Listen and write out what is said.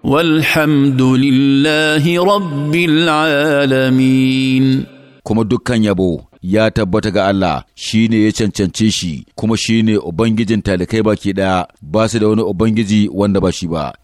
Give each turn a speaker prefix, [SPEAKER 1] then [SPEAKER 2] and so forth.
[SPEAKER 1] Walhamdulillahi لله رب العالمين kuma dukkan yabo ya tabbata ga Allah shi ne ya cancance shi kuma shi ne Ubangijin talikai baki ɗaya ba su da wani Ubangiji wanda ba shi ba